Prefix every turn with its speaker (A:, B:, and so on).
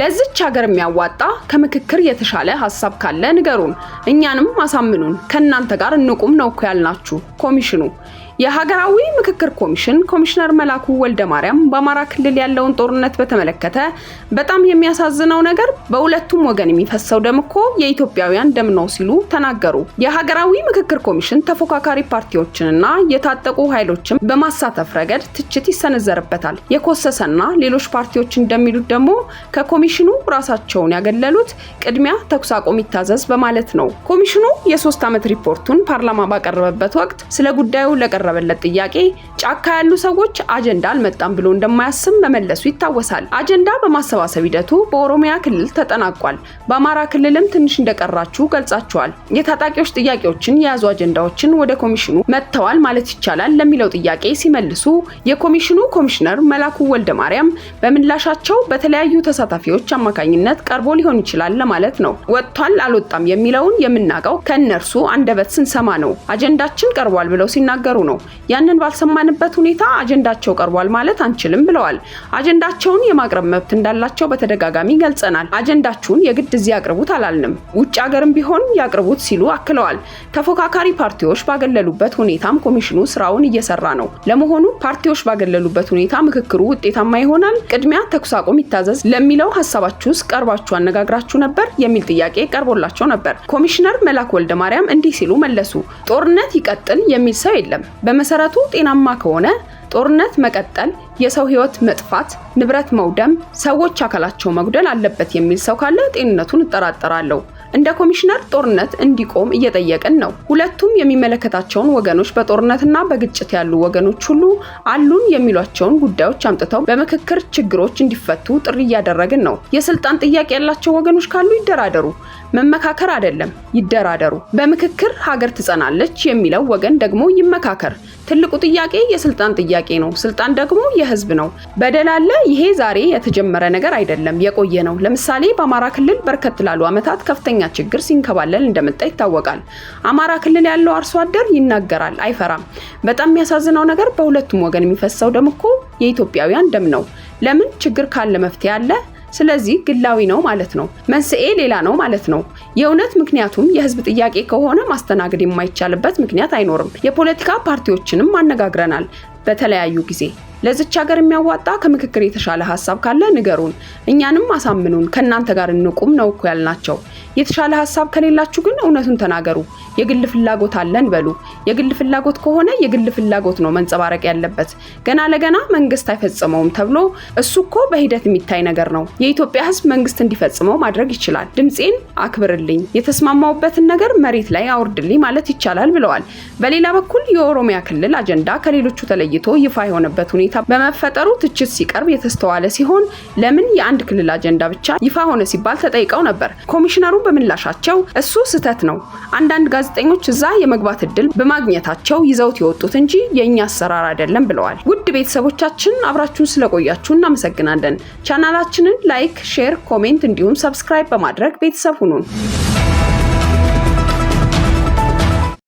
A: ለዚች ሀገር የሚያዋጣ ከምክክር የተሻለ ሀሳብ ካለ ንገሩን፣ እኛንም አሳምኑን፣ ከእናንተ ጋር እንቁም ነው እኮ ያልናችሁ ኮሚሽኑ የሀገራዊ ምክክር ኮሚሽን ኮሚሽነር መላኩ ወልደ ማርያም በአማራ ክልል ያለውን ጦርነት በተመለከተ በጣም የሚያሳዝነው ነገር በሁለቱም ወገን የሚፈሰው ደም እኮ የኢትዮጵያውያን ደም ነው ሲሉ ተናገሩ። የሀገራዊ ምክክር ኮሚሽን ተፎካካሪ ፓርቲዎችንና የታጠቁ ኃይሎችን በማሳተፍ ረገድ ትችት ይሰነዘርበታል። የኮሰሰና ሌሎች ፓርቲዎች እንደሚሉት ደግሞ ከኮሚሽኑ ራሳቸውን ያገለሉት ቅድሚያ ተኩስ አቁም ይታዘዝ በማለት ነው። ኮሚሽኑ የሶስት ዓመት ሪፖርቱን ፓርላማ ባቀረበበት ወቅት ስለ ጉዳዩ ለቀረ ለቀረበለት ጥያቄ ጫካ ያሉ ሰዎች አጀንዳ አልመጣም ብሎ እንደማያስም መመለሱ ይታወሳል። አጀንዳ በማሰባሰብ ሂደቱ በኦሮሚያ ክልል ተጠናቋል። በአማራ ክልልም ትንሽ እንደቀራችሁ ገልጻችኋል። የታጣቂዎች ጥያቄዎችን የያዙ አጀንዳዎችን ወደ ኮሚሽኑ መጥተዋል ማለት ይቻላል ለሚለው ጥያቄ ሲመልሱ የኮሚሽኑ ኮሚሽነር መላኩ ወልደ ማርያም በምላሻቸው በተለያዩ ተሳታፊዎች አማካኝነት ቀርቦ ሊሆን ይችላል ለማለት ነው። ወጥቷል አልወጣም የሚለውን የምናውቀው ከእነርሱ አንደበት ስንሰማ ነው። አጀንዳችን ቀርቧል ብለው ሲናገሩ ነው። ነው። ያንን ባልሰማንበት ሁኔታ አጀንዳቸው ቀርቧል ማለት አንችልም ብለዋል። አጀንዳቸውን የማቅረብ መብት እንዳላቸው በተደጋጋሚ ገልጸናል። አጀንዳችሁን የግድ እዚህ ያቅርቡት አላልንም፣ ውጭ ሀገርም ቢሆን ያቅርቡት ሲሉ አክለዋል። ተፎካካሪ ፓርቲዎች ባገለሉበት ሁኔታም ኮሚሽኑ ስራውን እየሰራ ነው። ለመሆኑ ፓርቲዎች ባገለሉበት ሁኔታ ምክክሩ ውጤታማ ይሆናል? ቅድሚያ ተኩስ አቁም ይታዘዝ ለሚለው ሀሳባችሁ ውስጥ ቀርባችሁ አነጋግራችሁ ነበር የሚል ጥያቄ ቀርቦላቸው ነበር። ኮሚሽነር መላክ ወልደ ማርያም እንዲህ ሲሉ መለሱ። ጦርነት ይቀጥል የሚል ሰው የለም። በመሰረቱ ጤናማ ከሆነ ጦርነት መቀጠል፣ የሰው ህይወት መጥፋት፣ ንብረት መውደም፣ ሰዎች አካላቸው መጉደል አለበት የሚል ሰው ካለ ጤንነቱን እጠራጠራለሁ። እንደ ኮሚሽነር ጦርነት እንዲቆም እየጠየቅን ነው። ሁለቱም የሚመለከታቸውን ወገኖች በጦርነትና በግጭት ያሉ ወገኖች ሁሉ አሉን የሚሏቸውን ጉዳዮች አምጥተው በምክክር ችግሮች እንዲፈቱ ጥሪ እያደረግን ነው። የስልጣን ጥያቄ ያላቸው ወገኖች ካሉ ይደራደሩ። መመካከር አይደለም ይደራደሩ። በምክክር ሀገር ትጸናለች የሚለው ወገን ደግሞ ይመካከር። ትልቁ ጥያቄ የስልጣን ጥያቄ ነው። ስልጣን ደግሞ የህዝብ ነው። በደል አለ። ይሄ ዛሬ የተጀመረ ነገር አይደለም፣ የቆየ ነው። ለምሳሌ በአማራ ክልል በርከት ላሉ ዓመታት ከፍተኛ ችግር ሲንከባለል እንደመጣ ይታወቃል። አማራ ክልል ያለው አርሶ አደር ይናገራል፣ አይፈራም። በጣም የሚያሳዝነው ነገር በሁለቱም ወገን የሚፈሰው ደም እኮ የኢትዮጵያውያን ደም ነው። ለምን ችግር ካለ መፍትሄ አለ ስለዚህ ግላዊ ነው ማለት ነው። መንስኤ ሌላ ነው ማለት ነው። የእውነት ምክንያቱም የህዝብ ጥያቄ ከሆነ ማስተናገድ የማይቻልበት ምክንያት አይኖርም። የፖለቲካ ፓርቲዎችንም አነጋግረናል በተለያዩ ጊዜ ለዚች ሀገር የሚያዋጣ ከምክክር የተሻለ ሀሳብ ካለ ንገሩን፣ እኛንም አሳምኑን፣ ከእናንተ ጋር እንቁም ነው እኮ ያልናቸው። የተሻለ ሀሳብ ከሌላችሁ ግን እውነቱን ተናገሩ። የግል ፍላጎት አለን በሉ። የግል ፍላጎት ከሆነ የግል ፍላጎት ነው መንጸባረቅ ያለበት። ገና ለገና መንግስት አይፈጽመውም ተብሎ እሱ እኮ በሂደት የሚታይ ነገር ነው። የኢትዮጵያ ሕዝብ መንግስት እንዲፈጽመው ማድረግ ይችላል። ድምፄን አክብርልኝ፣ የተስማማውበትን ነገር መሬት ላይ አውርድልኝ ማለት ይቻላል ብለዋል። በሌላ በኩል የኦሮሚያ ክልል አጀንዳ ከሌሎቹ ተለይቶ ይፋ የሆነበት ሁኔታ በመፈጠሩ ትችት ሲቀርብ የተስተዋለ ሲሆን ለምን የአንድ ክልል አጀንዳ ብቻ ይፋ ሆነ ሲባል ተጠይቀው ነበር ኮሚሽነሩ በምላሻቸው እሱ ስህተት ነው፣ አንዳንድ ጋዜጠኞች እዛ የመግባት እድል በማግኘታቸው ይዘውት የወጡት እንጂ የእኛ አሰራር አይደለም ብለዋል። ውድ ቤተሰቦቻችን አብራችሁን ስለቆያችሁ እናመሰግናለን። ቻናላችንን ላይክ፣ ሼር፣ ኮሜንት እንዲሁም ሰብስክራይብ በማድረግ ቤተሰብ ሁኑን።